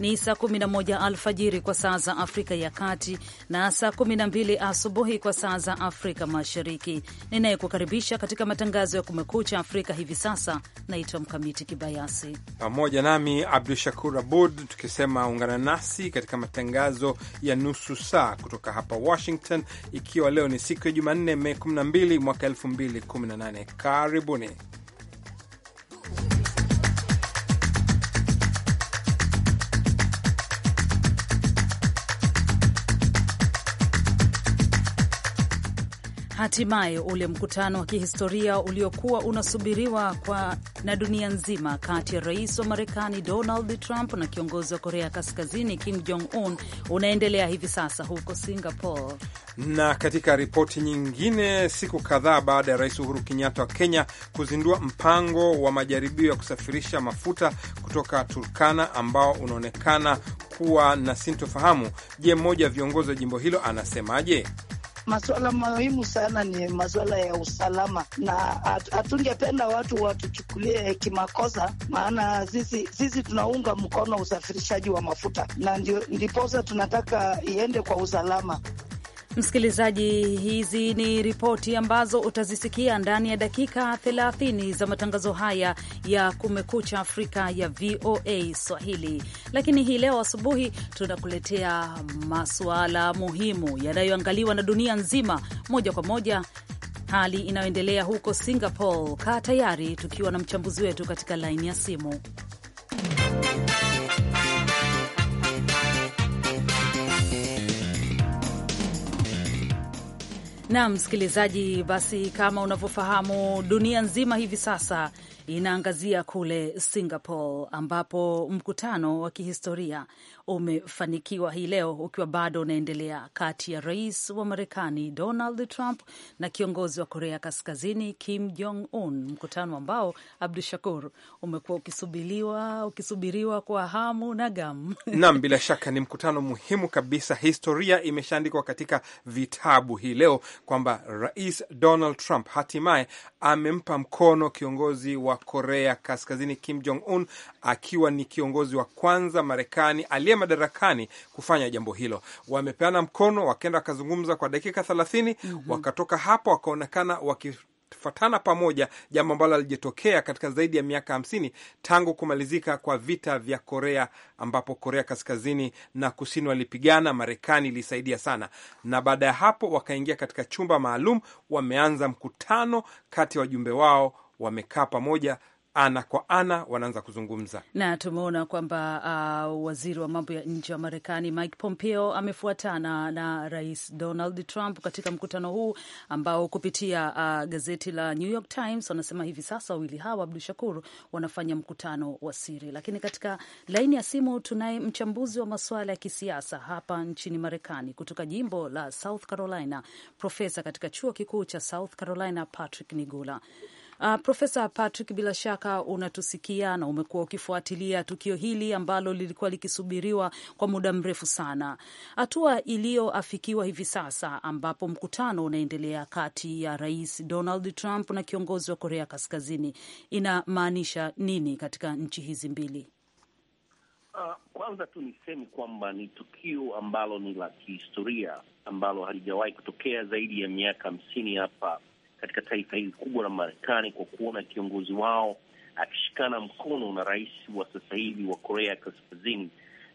ni saa 11 alfajiri kwa saa za Afrika ya Kati na saa 12 asubuhi kwa saa za Afrika Mashariki. Ninayekukaribisha katika matangazo ya Kumekucha Afrika hivi sasa naitwa Mkamiti Kibayasi, pamoja nami Abdu Shakur Abud, tukisema ungana nasi katika matangazo ya nusu saa kutoka hapa Washington, ikiwa leo ni siku ya Jumanne, Mei 12 mwaka 2018. Karibuni. Hatimaye ule mkutano wa kihistoria uliokuwa unasubiriwa kwa na dunia nzima kati ya rais wa Marekani Donald Trump na kiongozi wa Korea Kaskazini Kim Jong Un unaendelea hivi sasa huko Singapore. Na katika ripoti nyingine, siku kadhaa baada ya rais Uhuru Kenyatta wa Kenya kuzindua mpango wa majaribio ya kusafirisha mafuta kutoka Turkana ambao unaonekana kuwa na sintofahamu, je, mmoja wa viongozi wa jimbo hilo anasemaje? masuala muhimu sana ni masuala ya usalama, na hatungependa watu watuchukulie kimakosa, maana sisi sisi tunaunga mkono usafirishaji wa mafuta na ndio ndiposa tunataka iende kwa usalama. Msikilizaji, hizi ni ripoti ambazo utazisikia ndani ya dakika 30 za matangazo haya ya Kumekucha Afrika ya VOA Swahili. Lakini hii leo asubuhi tunakuletea masuala muhimu yanayoangaliwa na dunia nzima, moja kwa moja hali inayoendelea huko Singapore. Kaa tayari, tukiwa na mchambuzi wetu katika laini ya simu. nam msikilizaji, basi kama unavyofahamu, dunia nzima hivi sasa inaangazia kule Singapore ambapo mkutano wa kihistoria umefanikiwa hii leo ukiwa bado unaendelea kati ya rais wa Marekani Donald Trump na kiongozi wa Korea Kaskazini Kim Jong Un, mkutano ambao Abdu Shakur umekuwa ukisubiriwa ukisubiriwa kwa hamu na gamu. Naam, bila shaka ni mkutano muhimu kabisa. Historia imeshaandikwa katika vitabu hii leo kwamba rais Donald Trump hatimaye amempa mkono kiongozi wa Korea Kaskazini Kim Jong Un, akiwa ni kiongozi wa kwanza Marekani aliye madarakani kufanya jambo hilo. Wamepeana mkono, wakaenda wakazungumza kwa dakika thelathini. mm -hmm. Wakatoka hapo wakaonekana waki fatana pamoja, jambo ambalo alijitokea katika zaidi ya miaka hamsini tangu kumalizika kwa vita vya Korea, ambapo Korea Kaskazini na Kusini walipigana. Marekani ilisaidia sana, na baada ya hapo wakaingia katika chumba maalum, wameanza mkutano kati ya wajumbe wao wamekaa pamoja ana kwa ana wanaanza kuzungumza na tumeona kwamba uh, waziri wa mambo ya nje wa Marekani Mike Pompeo amefuatana na rais Donald Trump katika mkutano huu ambao kupitia uh, gazeti la New York Times wanasema hivi sasa wawili hawa Abdu Shakur wanafanya mkutano wa siri. Lakini katika laini ya simu tunaye mchambuzi wa masuala ya kisiasa hapa nchini Marekani kutoka jimbo la South Carolina, profesa katika chuo kikuu cha South Carolina Patrick Nigula. Uh, ah, Profesa Patrick, bila shaka unatusikia na umekuwa ukifuatilia tukio hili ambalo lilikuwa likisubiriwa kwa muda mrefu sana, hatua iliyoafikiwa hivi sasa, ambapo mkutano unaendelea kati ya Rais Donald Trump na kiongozi wa Korea Kaskazini inamaanisha nini katika nchi hizi mbili? Uh, kwanza tu niseme kwamba ni tukio ambalo ni la kihistoria ambalo halijawahi kutokea zaidi ya miaka hamsini hapa katika taifa hili kubwa la Marekani kwa kuona kiongozi wao akishikana mkono na rais wa sasa hivi wa Korea Kaskazini,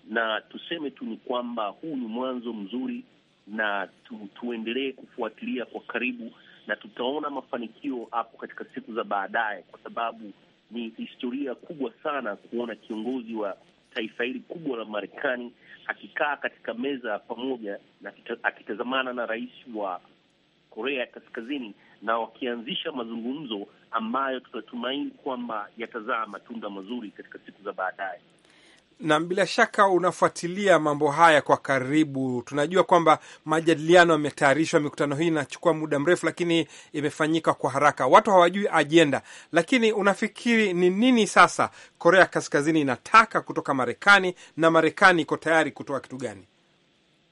na tuseme tu ni kwamba huu ni mwanzo mzuri, na tu, tuendelee kufuatilia kwa karibu na tutaona mafanikio hapo katika siku za baadaye, kwa sababu ni historia kubwa sana kuona kiongozi wa taifa hili kubwa la Marekani akikaa katika meza pamoja na akitazamana na rais wa Korea ya Kaskazini na wakianzisha mazungumzo ambayo tunatumaini kwamba yatazaa matunda mazuri katika siku za baadaye. Na bila shaka unafuatilia mambo haya kwa karibu. Tunajua kwamba majadiliano yametayarishwa, mikutano hii inachukua muda mrefu, lakini imefanyika kwa haraka, watu hawajui ajenda. Lakini unafikiri ni nini sasa Korea Kaskazini inataka kutoka Marekani na Marekani iko tayari kutoa kitu gani?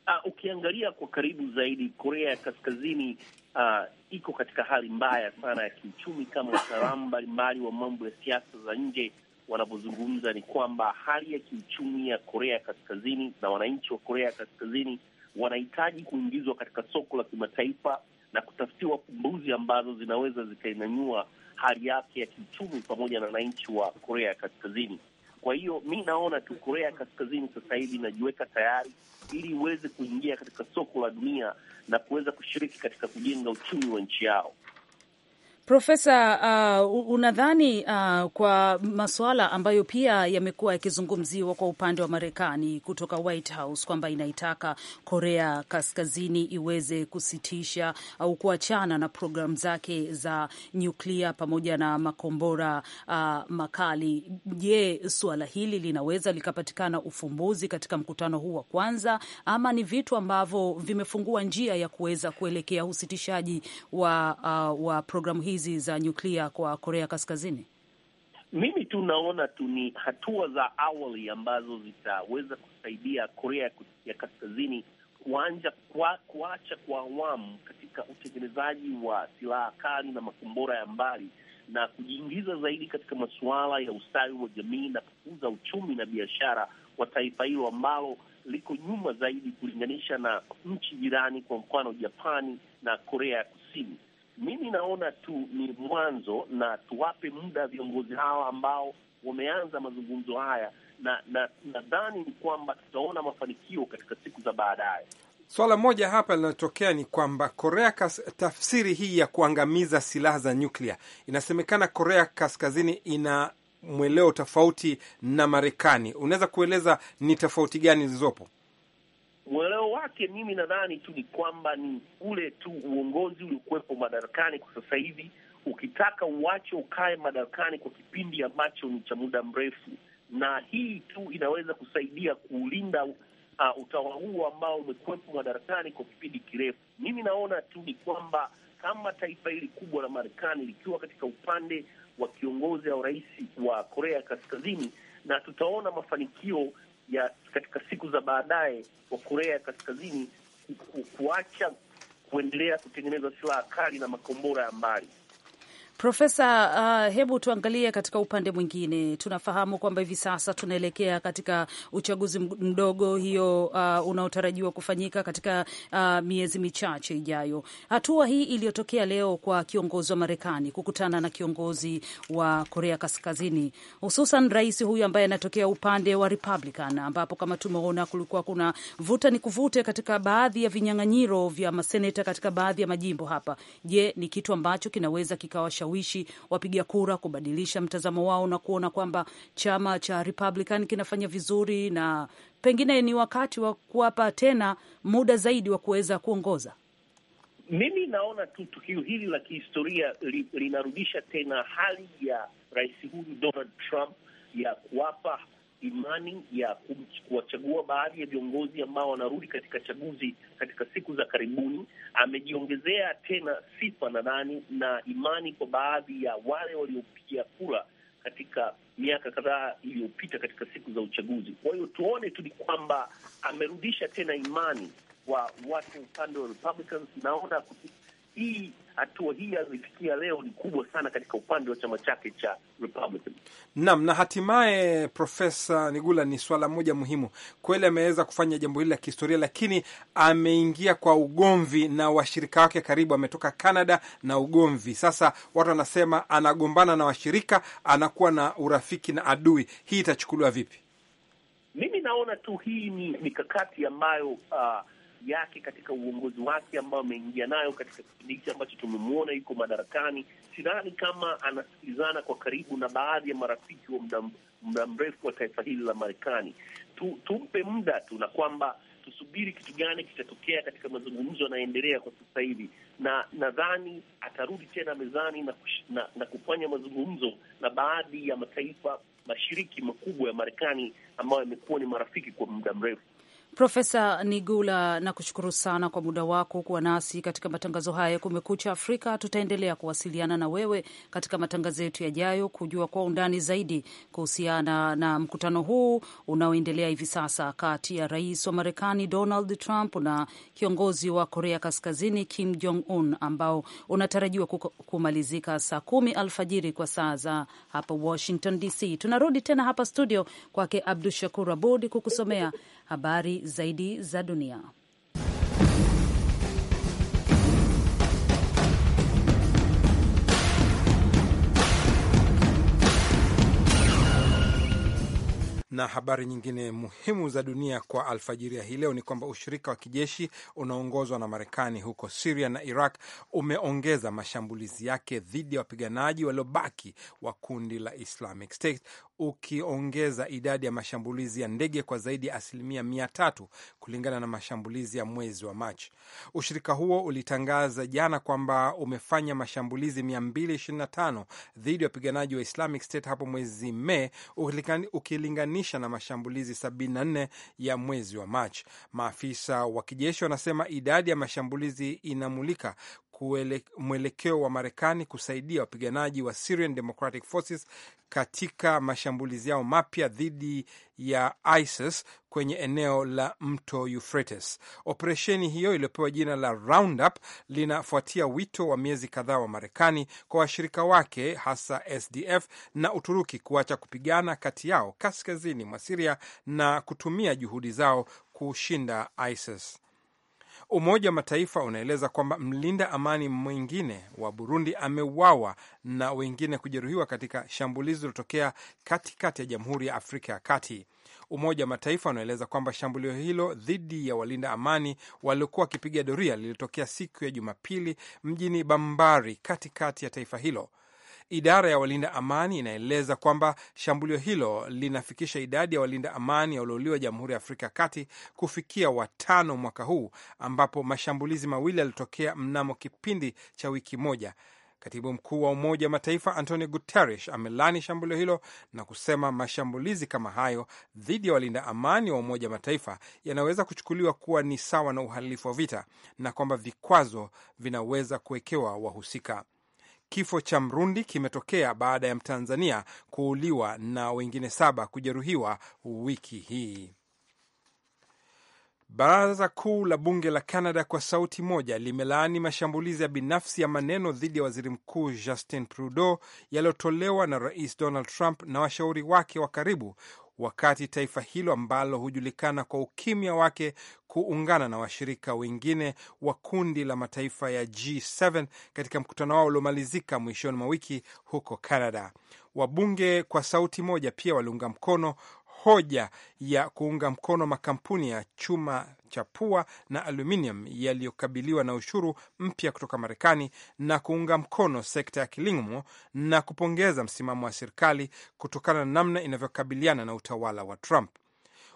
uh, ukiangalia kwa karibu zaidi Korea ya Kaskazini uh, iko katika hali mbaya sana ya kiuchumi, kama wataalamu mbalimbali wa mambo ya siasa za nje wanavyozungumza, ni kwamba hali ya kiuchumi ya Korea ya Kaskazini na wananchi wa Korea ya Kaskazini wanahitaji kuingizwa katika soko la kimataifa na kutafutiwa pumbuzi ambazo zinaweza zikainanyua hali yake ya kiuchumi pamoja na wananchi wa Korea ya Kaskazini. Kwa hiyo mi naona tu Korea Kaskazini sasa hivi inajiweka tayari ili iweze kuingia katika soko la dunia na kuweza kushiriki katika kujenga uchumi wa nchi yao. Profesa, uh, unadhani uh, kwa masuala ambayo pia yamekuwa yakizungumziwa kwa upande wa Marekani kutoka White House kwamba inaitaka Korea Kaskazini iweze kusitisha au kuachana na programu zake za nyuklia pamoja na makombora uh, makali. Je, suala hili linaweza likapatikana ufumbuzi katika mkutano huu wa kwanza, ama ni vitu ambavyo vimefungua njia ya kuweza kuelekea usitishaji wa, uh, wa programu hii hizi za nyuklia kwa Korea Kaskazini? Mimi tu naona tu ni hatua za awali ambazo zitaweza kusaidia Korea ya Kaskazini kuanja kwa, kuacha kwa awamu katika utengenezaji wa silaha kali na makombora ya mbali na kujiingiza zaidi katika masuala ya ustawi wa jamii na kukuza uchumi na biashara wa taifa hilo ambalo liko nyuma zaidi kulinganisha na nchi jirani, kwa mfano Japani na Korea ya Kusini. Mimi naona tu ni mwanzo, na tuwape muda viongozi hawa ambao wameanza mazungumzo haya, na nadhani na ni kwamba tutaona mafanikio katika siku za baadaye. Swala moja hapa linatokea ni kwamba Korea kas, tafsiri hii ya kuangamiza silaha za nyuklia inasemekana Korea Kaskazini ina mweleo tofauti na Marekani. Unaweza kueleza ni tofauti gani zilizopo? Uelewa wake mimi nadhani tu ni kwamba ni ule tu uongozi uliokuwepo madarakani kwa sasa hivi. Ukitaka uache ukae madarakani kwa kipindi ambacho ni cha muda mrefu, na hii tu inaweza kusaidia kuulinda uh, utawala huu ambao umekuwepo madarakani kwa kipindi kirefu. Mimi naona tu ni kwamba kama taifa hili kubwa la Marekani likiwa katika upande wa kiongozi au rais wa Korea Kaskazini, na tutaona mafanikio ya katika siku za baadaye wa Korea ya Kaskazini kuacha kuendelea kutengeneza silaha kali na makombora ya mbali. Profesa, uh, hebu tuangalie katika upande mwingine. Tunafahamu kwamba hivi sasa tunaelekea katika uchaguzi mdogo hiyo, uh, unaotarajiwa kufanyika katika uh, miezi michache ijayo. Hatua hii iliyotokea leo kwa kiongozi wa Marekani kukutana na kiongozi wa Korea Kaskazini, hususan rais huyu ambaye anatokea upande wa Republican, ambapo kama tumeona kulikuwa kuna vuta ni kuvute katika baadhi ya vinyang'anyiro vya maseneta katika baadhi ya majimbo hapa. Je, ni kitu ambacho kinaweza kikawa kuwashawishi wapiga kura kubadilisha mtazamo wao na kuona kwamba chama cha Republican kinafanya vizuri na pengine ni wakati wa kuwapa tena muda zaidi wa kuweza kuongoza? Mimi naona tu tukio hili la kihistoria li, linarudisha tena hali ya rais huyu Donald Trump ya kuwapa imani ya kuwachagua baadhi ya viongozi ambao wanarudi katika chaguzi katika siku za karibuni. Amejiongezea tena sifa nadhani na imani kwa baadhi ya wale waliopigia kura katika miaka kadhaa iliyopita katika siku za uchaguzi. Kwa hiyo tuone tu ni kwamba amerudisha tena imani wa watu upande wa Republicans. Naona hii hatua hii aliyoifikia leo ni kubwa sana katika upande wa chama chake cha Republican. Naam, na hatimaye, Profesa Nigula, ni swala moja muhimu kweli, ameweza kufanya jambo hili la kihistoria, lakini ameingia kwa ugomvi na washirika wake karibu. Ametoka Canada na ugomvi, sasa watu wanasema anagombana na washirika, anakuwa na urafiki na adui. Hii itachukuliwa vipi? Mimi naona tu hii ni mikakati ambayo uh, nafasi yake katika uongozi wake ambao ameingia nayo katika kipindi hichi ambacho tumemwona yuko madarakani, sidhani kama anasikilizana kwa karibu na baadhi ya marafiki wa muda mrefu wa taifa hili la Marekani. Tu, tumpe muda tu na kwamba tusubiri kitu gani kitatokea katika mazungumzo yanayoendelea kwa sasa hivi, na nadhani atarudi tena mezani na, na, na kufanya mazungumzo na baadhi ya mataifa mashiriki makubwa ya Marekani ambayo yamekuwa ni marafiki kwa muda mrefu. Profesa Nigula, nakushukuru sana kwa muda wako kuwa nasi katika matangazo haya ya Kumekucha Afrika. Tutaendelea kuwasiliana na wewe katika matangazo yetu yajayo kujua kwa undani zaidi kuhusiana na mkutano huu unaoendelea hivi sasa kati ya rais wa Marekani Donald Trump na kiongozi wa Korea Kaskazini Kim Jong Un, ambao unatarajiwa kumalizika saa kumi alfajiri kwa saa za hapa Washington DC. Tunarudi tena hapa studio kwake Abdu Shakur Abud kukusomea Habari zaidi za dunia. Na habari nyingine muhimu za dunia kwa alfajiri ya hii leo ni kwamba ushirika wa kijeshi unaoongozwa na Marekani huko Siria na Iraq umeongeza mashambulizi yake dhidi ya wapiganaji waliobaki wa kundi la Islamic State ukiongeza idadi ya mashambulizi ya ndege kwa zaidi ya asilimia mia tatu kulingana na mashambulizi ya mwezi wa Machi. Ushirika huo ulitangaza jana kwamba umefanya mashambulizi 225 dhidi ya wapiganaji wa Islamic State hapo mwezi Mei ukilinganisha na mashambulizi 74 ya mwezi wa Machi. Maafisa wa kijeshi wanasema idadi ya mashambulizi inamulika mwelekeo wa Marekani kusaidia wapiganaji wa Syrian Democratic Forces katika mashambulizi yao mapya dhidi ya ISIS kwenye eneo la mto Euphrates. Operesheni hiyo iliyopewa jina la Roundup linafuatia wito wa miezi kadhaa wa Marekani kwa washirika wake hasa SDF na Uturuki kuacha kupigana kati yao kaskazini mwa Siria na kutumia juhudi zao kushinda ISIS. Umoja wa Mataifa unaeleza kwamba mlinda amani mwingine wa Burundi ameuawa na wengine kujeruhiwa katika shambulizi lilotokea katikati ya Jamhuri ya Afrika ya Kati. Umoja wa Mataifa unaeleza kwamba shambulio hilo dhidi ya walinda amani waliokuwa wakipiga doria lilitokea siku ya Jumapili mjini Bambari, katikati ya taifa hilo. Idara ya walinda amani inaeleza kwamba shambulio hilo linafikisha idadi ya walinda amani waliouliwa Jamhuri ya Afrika ya Kati kufikia watano mwaka huu, ambapo mashambulizi mawili yalitokea mnamo kipindi cha wiki moja. Katibu mkuu wa Umoja wa Mataifa Antonio Guterres amelani shambulio hilo na kusema mashambulizi kama hayo dhidi ya walinda amani wa Umoja wa Mataifa yanaweza kuchukuliwa kuwa ni sawa na uhalifu wa vita na kwamba vikwazo vinaweza kuwekewa wahusika. Kifo cha Mrundi kimetokea baada ya Mtanzania kuuliwa na wengine saba kujeruhiwa wiki hii. Baraza kuu la bunge la Canada kwa sauti moja limelaani mashambulizi ya binafsi ya maneno dhidi ya waziri mkuu Justin Trudeau yaliyotolewa na rais Donald Trump na washauri wake wa karibu wakati taifa hilo ambalo hujulikana kwa ukimya wake kuungana na washirika wengine wa kundi la mataifa ya G7 katika mkutano wao uliomalizika mwishoni mwa wiki huko Canada. Wabunge kwa sauti moja pia waliunga mkono hoja ya kuunga mkono makampuni ya chuma cha pua na aluminium yaliyokabiliwa na ushuru mpya kutoka Marekani na kuunga mkono sekta ya kilimo na kupongeza msimamo wa serikali kutokana na namna inavyokabiliana na utawala wa Trump.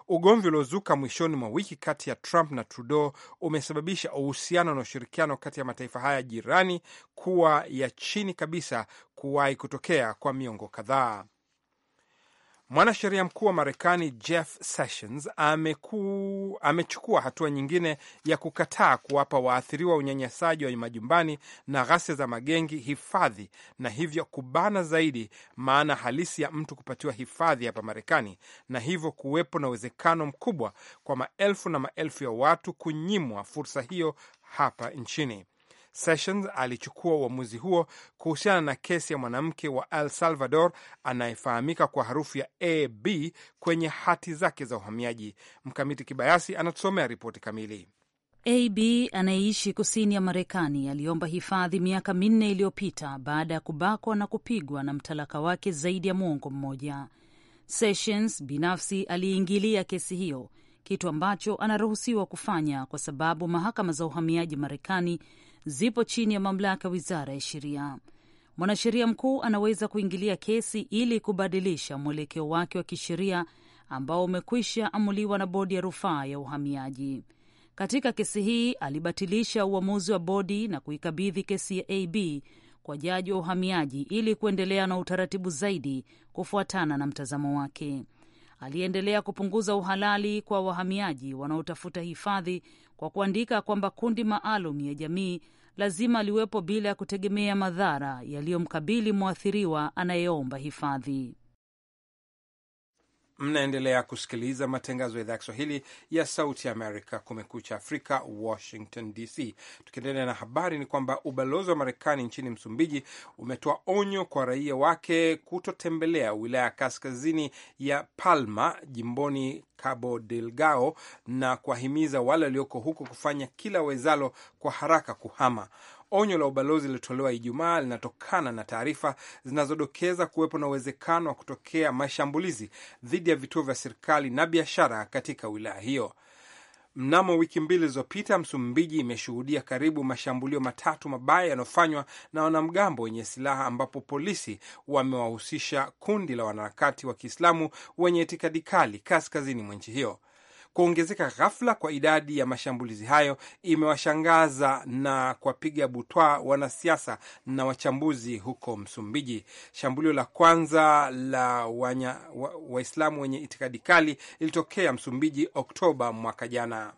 Ugomvi uliozuka mwishoni mwa wiki kati ya Trump na Trudeau umesababisha uhusiano na ushirikiano kati ya mataifa haya jirani kuwa ya chini kabisa kuwahi kutokea kwa miongo kadhaa. Mwanasheria mkuu wa Marekani Jeff Sessions ameku, amechukua hatua nyingine ya kukataa kuwapa waathiriwa unyanyasaji wa majumbani na ghasia za magengi hifadhi na hivyo kubana zaidi maana halisi ya mtu kupatiwa hifadhi hapa Marekani na hivyo kuwepo na uwezekano mkubwa kwa maelfu na maelfu ya watu kunyimwa fursa hiyo hapa nchini. Sessions alichukua uamuzi huo kuhusiana na kesi ya mwanamke wa El Salvador anayefahamika kwa harufu ya AB kwenye hati zake za uhamiaji. Mkamiti Kibayasi anatusomea ripoti kamili. AB anayeishi kusini ya Marekani aliomba hifadhi miaka minne iliyopita baada ya kubakwa na kupigwa na mtalaka wake zaidi ya mwongo mmoja. Sessions binafsi aliingilia kesi hiyo, kitu ambacho anaruhusiwa kufanya kwa sababu mahakama za uhamiaji Marekani zipo chini ya mamlaka wizara ya sheria. Mwanasheria mkuu anaweza kuingilia kesi ili kubadilisha mwelekeo wake wa kisheria ambao umekwisha amuliwa na bodi ya rufaa ya uhamiaji. Katika kesi hii alibatilisha uamuzi wa bodi na kuikabidhi kesi ya AB kwa jaji wa uhamiaji ili kuendelea na utaratibu zaidi kufuatana na mtazamo wake. Aliendelea kupunguza uhalali kwa wahamiaji wanaotafuta hifadhi kwa kuandika kwamba kundi maalum ya jamii lazima liwepo bila ya kutegemea madhara yaliyomkabili mwathiriwa anayeomba hifadhi. Mnaendelea kusikiliza matangazo ya idhaa ya Kiswahili ya Sauti ya Amerika, Kumekucha Afrika, Washington DC. Tukiendelea na habari, ni kwamba ubalozi wa Marekani nchini Msumbiji umetoa onyo kwa raia wake kutotembelea wilaya ya kaskazini ya Palma, jimboni Cabo Delgao, na kuwahimiza wale walioko huko kufanya kila wezalo kwa haraka kuhama. Onyo la ubalozi lilitolewa Ijumaa linatokana na taarifa zinazodokeza kuwepo na uwezekano wa kutokea mashambulizi dhidi ya vituo vya serikali na biashara katika wilaya hiyo. Mnamo wiki mbili zilizopita, Msumbiji imeshuhudia karibu mashambulio matatu mabaya yanayofanywa na wanamgambo wenye silaha, ambapo polisi wamewahusisha kundi la wanaharakati wa Kiislamu wenye itikadi kali kaskazini mwa nchi hiyo. Kuongezeka ghafla kwa idadi ya mashambulizi hayo imewashangaza na kuwapiga butwa wanasiasa na wachambuzi huko Msumbiji. Shambulio la kwanza la Waislamu wa wenye itikadi kali lilitokea Msumbiji Oktoba mwaka jana.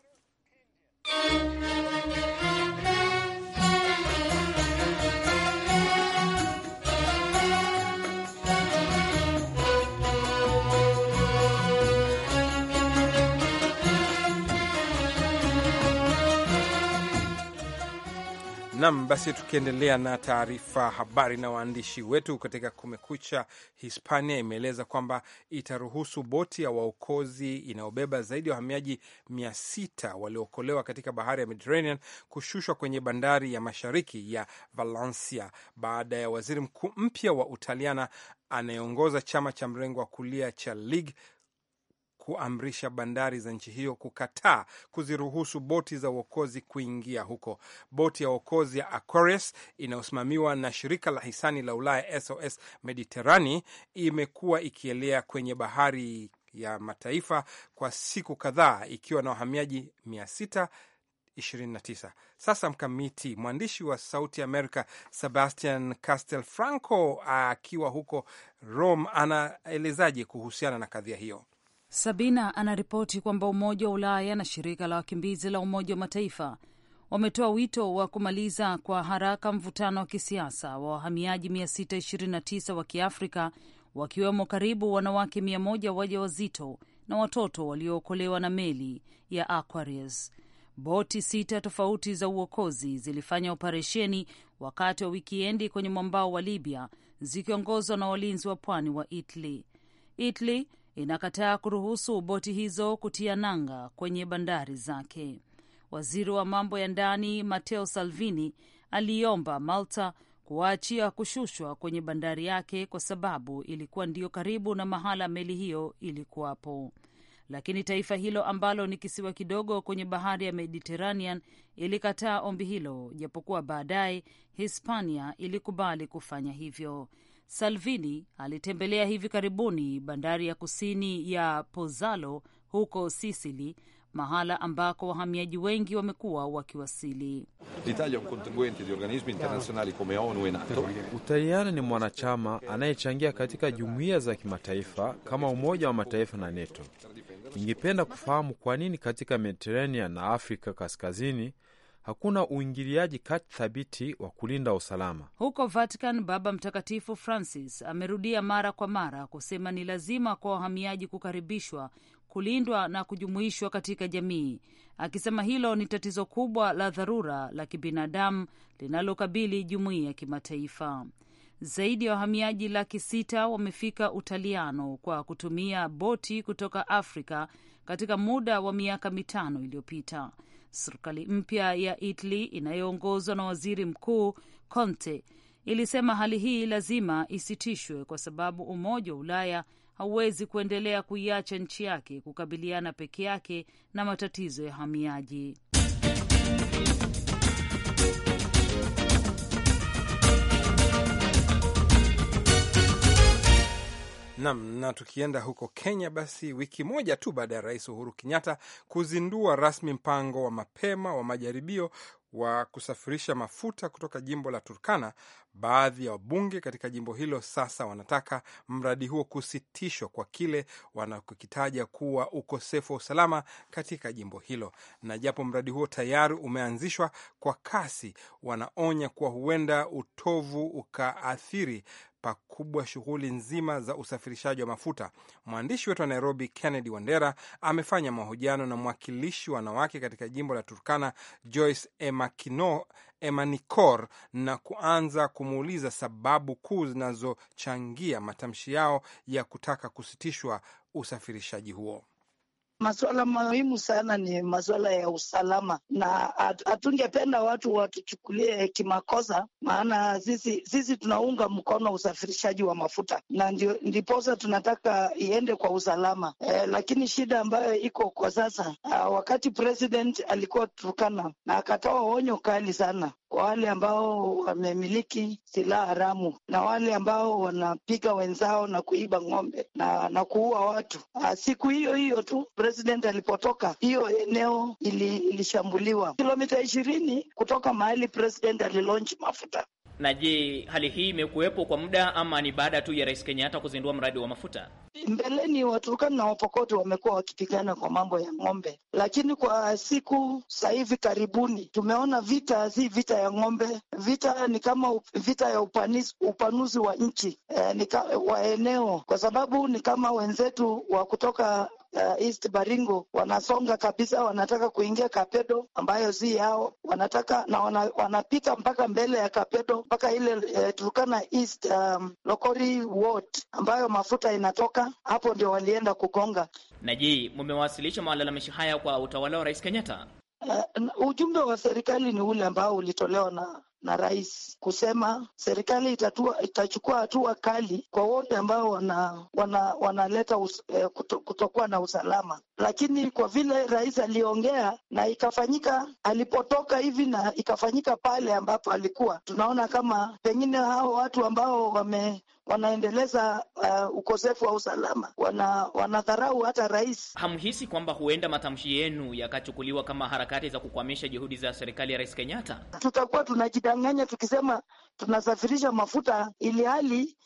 Nam, basi tukiendelea na taarifa habari na waandishi wetu katika Kumekucha. Hispania imeeleza kwamba itaruhusu boti ya waokozi inayobeba zaidi ya wahamiaji mia sita waliookolewa katika bahari ya Mediterranean kushushwa kwenye bandari ya mashariki ya Valencia baada ya waziri mkuu mpya wa Utaliana anayeongoza chama cha mrengo wa kulia cha League kuamrisha bandari za nchi hiyo kukataa kuziruhusu boti za uokozi kuingia huko. Boti ya uokozi ya Aquarius inayosimamiwa na shirika la hisani la Ulaya SOS Mediterani imekuwa ikielea kwenye bahari ya mataifa kwa siku kadhaa ikiwa na wahamiaji 629. Sasa mkamiti mwandishi wa Sauti Amerika Sebastian Castel Franco akiwa huko Rome anaelezaje kuhusiana na kadhia hiyo? Sabina anaripoti kwamba Umoja wa Ulaya na shirika la wakimbizi la Umoja wa Mataifa wametoa wito wa kumaliza kwa haraka mvutano wa kisiasa wa wahamiaji 629 wa Kiafrika, wakiwemo karibu wanawake 100 wazito na watoto waliookolewa na meli ya Aquarius. Boti sita tofauti za uokozi zilifanya operesheni wakati wa wikiendi kwenye mwambao wa Libya zikiongozwa na walinzi wa pwani wa Italy. Italy inakataa kuruhusu boti hizo kutia nanga kwenye bandari zake. Waziri wa mambo ya ndani Matteo Salvini aliomba Malta kuwaachia kushushwa kwenye bandari yake kwa sababu ilikuwa ndiyo karibu na mahala meli hiyo ilikuwapo, lakini taifa hilo ambalo ni kisiwa kidogo kwenye bahari ya Mediterranean ilikataa ombi hilo, japokuwa baadaye Hispania ilikubali kufanya hivyo. Salvini alitembelea hivi karibuni bandari ya kusini ya Pozzallo huko Sisili, mahala ambako wahamiaji wengi wamekuwa wakiwasili. E Utaliani ni mwanachama anayechangia katika jumuiya za kimataifa kama Umoja wa Mataifa na NATO. Ningependa kufahamu kwa nini katika Mediterranean na Afrika Kaskazini hakuna uingiliaji kati thabiti wa kulinda usalama. Huko Vatican, Baba Mtakatifu Francis amerudia mara kwa mara kusema ni lazima kwa wahamiaji kukaribishwa, kulindwa na kujumuishwa katika jamii, akisema hilo ni tatizo kubwa la dharura la kibinadamu linalokabili jumuiya ya kimataifa. Zaidi ya wahamiaji laki sita wamefika Utaliano kwa kutumia boti kutoka Afrika katika muda wa miaka mitano iliyopita. Serikali mpya ya Italy inayoongozwa na waziri mkuu Conte ilisema hali hii lazima isitishwe kwa sababu Umoja wa Ulaya hauwezi kuendelea kuiacha nchi yake kukabiliana peke yake na matatizo ya hamiaji. Nam, na tukienda huko Kenya, basi wiki moja tu baada ya Rais Uhuru Kenyatta kuzindua rasmi mpango wa mapema wa majaribio wa kusafirisha mafuta kutoka jimbo la Turkana Baadhi ya wabunge katika jimbo hilo sasa wanataka mradi huo kusitishwa kwa kile wanakokitaja kuwa ukosefu wa usalama katika jimbo hilo. Na japo mradi huo tayari umeanzishwa kwa kasi, wanaonya kuwa huenda utovu ukaathiri pakubwa shughuli nzima za usafirishaji wa mafuta. Mwandishi wetu wa Nairobi, Kennedy Wandera, amefanya mahojiano na mwakilishi wanawake katika jimbo la Turkana, Joyce Emakino Emanikor na kuanza kumuuliza sababu kuu zinazochangia matamshi yao ya kutaka kusitishwa usafirishaji huo masuala muhimu sana ni masuala ya usalama, na hatungependa watu watuchukulie kimakosa, maana sisi sisi tunaunga mkono usafirishaji wa mafuta na ndio ndiposa tunataka iende kwa usalama e, lakini shida ambayo iko kwa sasa a, ah, wakati president alikuwa Turkana na akatoa onyo kali sana kwa wale ambao wamemiliki silaha haramu na wale ambao wanapiga wenzao na kuiba ng'ombe na, na kuua watu. Ah, siku hiyo hiyo tu president alipotoka, hiyo eneo ilishambuliwa ili kilomita ishirini kutoka mahali president alilaunch mafuta na je, hali hii imekuwepo kwa muda ama ni baada tu ya Rais Kenyatta kuzindua mradi wa mafuta? Mbeleni Waturkana na Wapokoto wamekuwa wakipigana kwa mambo ya ng'ombe, lakini kwa siku za hivi karibuni tumeona vita, si vita ya ng'ombe. Vita ni kama vita ya upanis, upanuzi wa nchi e, wa eneo, kwa sababu ni kama wenzetu wa kutoka uh, East Baringo wanasonga kabisa, wanataka kuingia Kapedo ambayo si yao, wanataka na wana, wanapita mpaka mbele ya Kapedo mpaka ile uh, Turkana East um, Lokori Ward ambayo mafuta inatoka hapo, ndio walienda kugonga. Na je, mumewasilisha malalamisho haya kwa utawala wa Rais Kenyatta? Uh, ujumbe wa serikali ni ule ambao ulitolewa na na rais kusema serikali itatua, itachukua hatua kali kwa wote ambao wanaleta wana, wana eh, kuto, kutokuwa na usalama lakini kwa vile rais aliongea na ikafanyika alipotoka hivi na ikafanyika pale ambapo alikuwa, tunaona kama pengine hao watu ambao wame wanaendeleza uh, ukosefu wa usalama wana, wanadharau hata rais. Hamhisi kwamba huenda matamshi yenu yakachukuliwa kama harakati za kukwamisha juhudi za serikali ya rais Kenyatta? Tutakuwa tunajidanganya tukisema tunasafirisha mafuta ili hali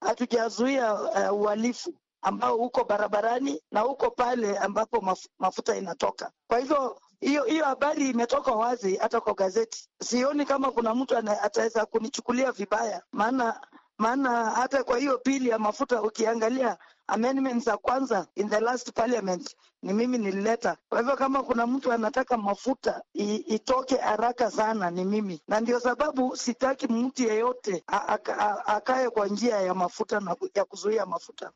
hatujazuia uh, uhalifu ambao uko barabarani na uko pale ambapo mafuta inatoka. Kwa hivyo hiyo hiyo habari imetoka wazi hata kwa gazeti. Sioni kama kuna mtu ataweza kunichukulia vibaya, maana maana hata kwa hiyo pili ya mafuta ukiangalia amendments za kwanza in the last parliament ni mimi nilileta. Kwa hivyo kama kuna mtu anataka mafuta i, itoke haraka sana ni mimi, na ndio sababu sitaki mtu yeyote akae kwa njia ya mafuta na ya kuzuia mafuta.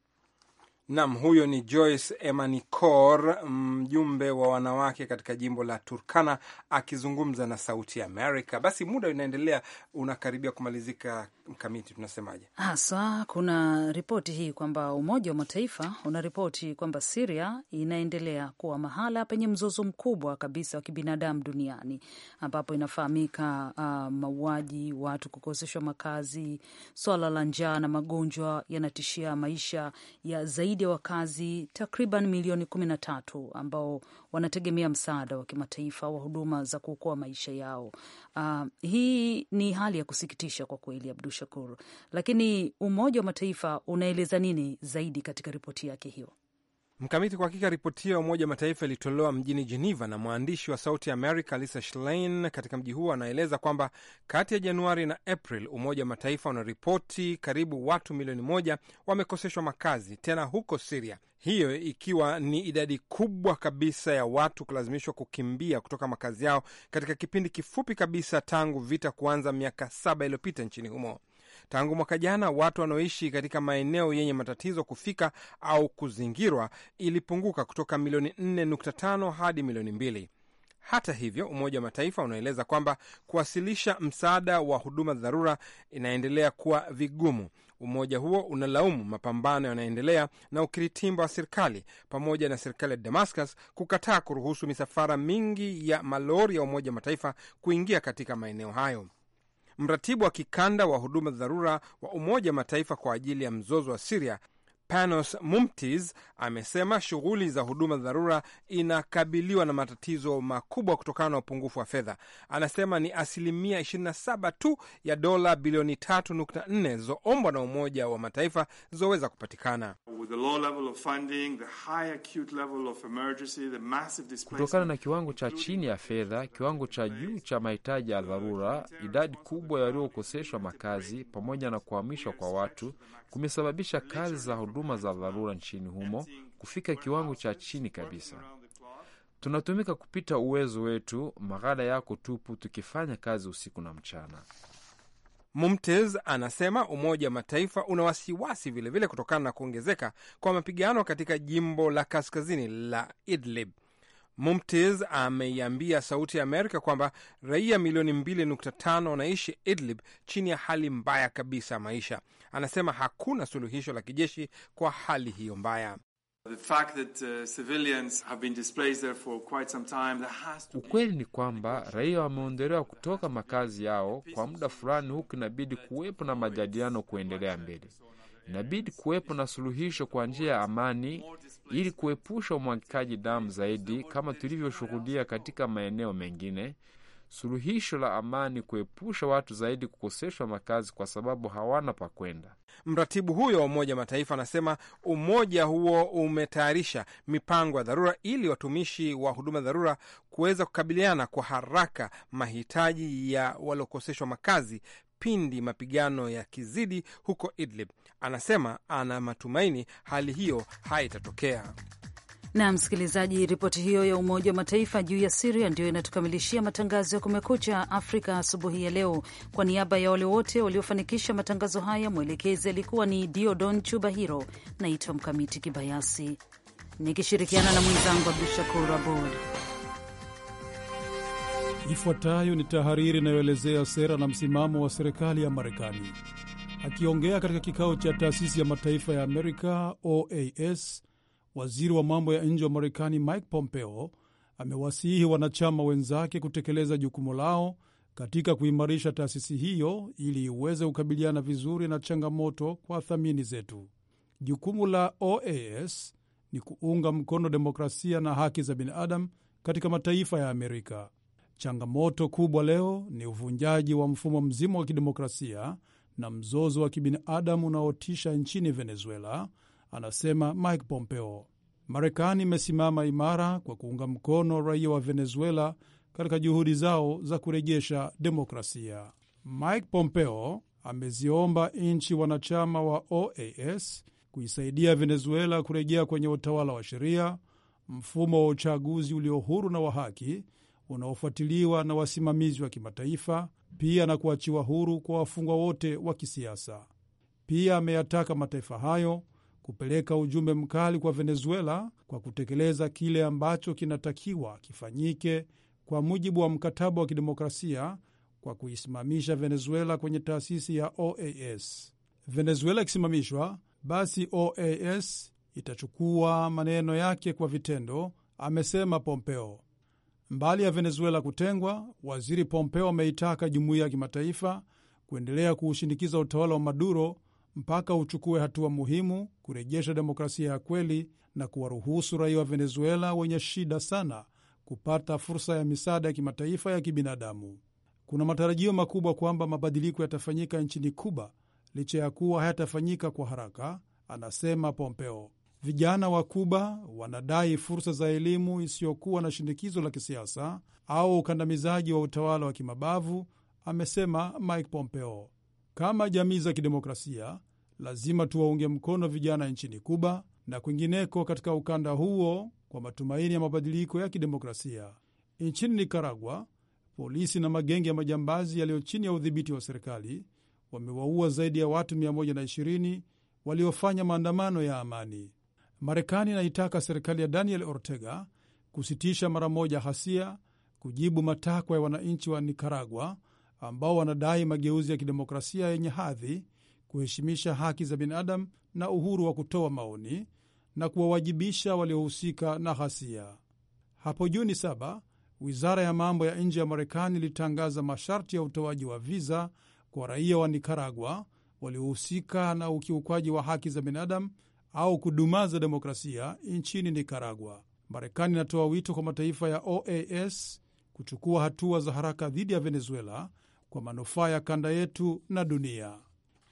Nam, huyo ni Joyce Emanicor, mjumbe wa wanawake katika jimbo la Turkana akizungumza na Sauti Amerika. Basi muda unaendelea unakaribia kumalizika. Mkamiti, tunasemaje haswa? Kuna ripoti hii kwamba Umoja wa Mataifa unaripoti kwamba Siria inaendelea kuwa mahala penye mzozo mkubwa kabisa wa kibinadamu duniani, ambapo inafahamika uh, mauaji, watu kukoseshwa makazi, swala la njaa na magonjwa yanatishia maisha ya zaidi zaidi ya wakazi takriban milioni 13 ambao wanategemea msaada wa kimataifa wa huduma za kuokoa maisha yao. Uh, hii ni hali ya kusikitisha kwa kweli, Abdu Shakur, lakini Umoja wa Mataifa unaeleza nini zaidi katika ripoti yake hiyo? Mkamiti, kwa hakika ripoti hiyo ya Umoja wa Mataifa ilitolewa mjini Geneva na mwandishi wa Sauti America Lisa Schlein katika mji huo, anaeleza kwamba kati ya Januari na April Umoja wa Mataifa unaripoti karibu watu milioni moja wamekoseshwa makazi tena huko Siria, hiyo ikiwa ni idadi kubwa kabisa ya watu kulazimishwa kukimbia kutoka makazi yao katika kipindi kifupi kabisa tangu vita kuanza miaka saba iliyopita nchini humo. Tangu mwaka jana, watu wanaoishi katika maeneo yenye matatizo kufika au kuzingirwa ilipunguka kutoka milioni 4.5 hadi milioni mbili. Hata hivyo, Umoja wa Mataifa unaeleza kwamba kuwasilisha msaada wa huduma za dharura inaendelea kuwa vigumu. Umoja huo unalaumu mapambano yanayoendelea na ukiritimba wa serikali pamoja na serikali ya Damascus kukataa kuruhusu misafara mingi ya malori ya Umoja wa Mataifa kuingia katika maeneo hayo. Mratibu wa kikanda wa huduma za dharura wa Umoja wa Mataifa kwa ajili ya mzozo wa Siria Panos Mumtis amesema shughuli za huduma dharura inakabiliwa na matatizo makubwa kutokana na upungufu wa fedha. Anasema ni asilimia 27 tu ya dola bilioni 3.4 zilizoombwa na Umoja wa Mataifa zilizoweza kupatikana. Kutokana na kiwango cha chini ya fedha, kiwango cha juu cha mahitaji ya dharura, idadi kubwa ya waliokoseshwa makazi, pamoja na kuhamishwa kwa watu kumesababisha kazi za huduma za dharura nchini humo kufika kiwango cha chini kabisa. Tunatumika kupita uwezo wetu, maghala yako tupu, tukifanya kazi usiku na mchana. Mumtaz anasema Umoja wa Mataifa una wasiwasi vilevile kutokana na kuongezeka kwa mapigano katika jimbo la kaskazini la Idlib. Mumtiz ameiambia Sauti ya Amerika kwamba raia milioni 2.5 wanaishi Idlib chini ya hali mbaya kabisa ya maisha. Anasema hakuna suluhisho la kijeshi kwa hali hiyo mbaya. Uh, Ukweli ni kwamba raia wameondolewa kutoka makazi yao kwa muda fulani, huku inabidi kuwepo na majadiliano kuendelea mbele inabidi kuwepo na suluhisho kwa njia ya amani ili kuepusha umwagikaji damu zaidi, kama tulivyoshuhudia katika maeneo mengine. Suluhisho la amani kuepusha watu zaidi kukoseshwa makazi kwa sababu hawana pa kwenda. Mratibu huyo wa Umoja wa Mataifa anasema umoja huo umetayarisha mipango ya dharura ili watumishi wa huduma dharura kuweza kukabiliana kwa haraka mahitaji ya waliokoseshwa makazi pindi mapigano ya kizidi huko Idlib. Anasema ana matumaini hali hiyo haitatokea. Na msikilizaji, ripoti hiyo ya Umoja wa Mataifa juu ya Siria ndiyo inatukamilishia matangazo ya Kumekucha Afrika asubuhi ya leo. Kwa niaba ya wale wote waliofanikisha matangazo haya, mwelekezi alikuwa ni Diodon Chubahiro. Naitwa Mkamiti Kibayasi nikishirikiana na mwenzangu Abdu Shakur abud Ifuatayo ni tahariri inayoelezea sera na msimamo wa serikali ya Marekani. Akiongea katika kikao cha taasisi ya mataifa ya Amerika, OAS, waziri wa mambo ya nje wa Marekani Mike Pompeo amewasihi wanachama wenzake kutekeleza jukumu lao katika kuimarisha taasisi hiyo ili iweze kukabiliana vizuri na changamoto kwa thamini zetu. Jukumu la OAS ni kuunga mkono demokrasia na haki za binadamu katika mataifa ya Amerika. Changamoto kubwa leo ni uvunjaji wa mfumo mzima wa kidemokrasia na mzozo wa kibinadamu unaotisha nchini Venezuela, anasema Mike Pompeo. Marekani imesimama imara kwa kuunga mkono raia wa Venezuela katika juhudi zao za kurejesha demokrasia. Mike Pompeo ameziomba nchi wanachama wa OAS kuisaidia Venezuela kurejea kwenye utawala wa sheria, mfumo wa uchaguzi ulio huru na wa haki unaofuatiliwa na wasimamizi wa kimataifa pia na kuachiwa huru kwa wafungwa wote wa kisiasa. Pia ameyataka mataifa hayo kupeleka ujumbe mkali kwa Venezuela kwa kutekeleza kile ambacho kinatakiwa kifanyike kwa mujibu wa mkataba wa kidemokrasia kwa kuisimamisha Venezuela kwenye taasisi ya OAS. Venezuela ikisimamishwa, basi OAS itachukua maneno yake kwa vitendo, amesema Pompeo. Mbali ya Venezuela kutengwa, waziri Pompeo ameitaka jumuiya ya kimataifa kuendelea kuushinikiza utawala wa Maduro mpaka uchukue hatua muhimu kurejesha demokrasia ya kweli na kuwaruhusu raia wa Venezuela wenye shida sana kupata fursa ya misaada ya kimataifa ya kibinadamu. Kuna matarajio makubwa kwamba mabadiliko yatafanyika nchini Kuba licha ya kuwa hayatafanyika kwa haraka, anasema Pompeo. Vijana wa Kuba wanadai fursa za elimu isiyokuwa na shinikizo la kisiasa au ukandamizaji wa utawala wa kimabavu, amesema Mike Pompeo. Kama jamii za kidemokrasia, lazima tuwaunge mkono vijana nchini Kuba na kwingineko katika ukanda huo kwa matumaini ya mabadiliko ya kidemokrasia. Nchini Nikaragua, polisi na magenge ya majambazi yaliyo chini ya udhibiti wa serikali wamewaua zaidi ya watu 120 waliofanya maandamano ya amani. Marekani inaitaka serikali ya Daniel Ortega kusitisha mara moja hasia kujibu matakwa ya wananchi wa Nikaragua ambao wanadai mageuzi ya kidemokrasia yenye hadhi, kuheshimisha haki za binadamu na uhuru wa kutoa maoni na kuwawajibisha waliohusika na hasia. Hapo Juni 7 wizara ya mambo ya nje ya Marekani ilitangaza masharti ya utoaji wa viza kwa raia wa Nikaragua waliohusika na ukiukwaji wa haki za binadamu au kudumaza demokrasia nchini Nikaragua. Marekani inatoa wito kwa mataifa ya OAS kuchukua hatua za haraka dhidi ya Venezuela kwa manufaa ya kanda yetu na dunia.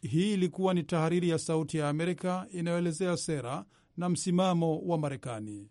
Hii ilikuwa ni tahariri ya Sauti ya Amerika inayoelezea sera na msimamo wa Marekani.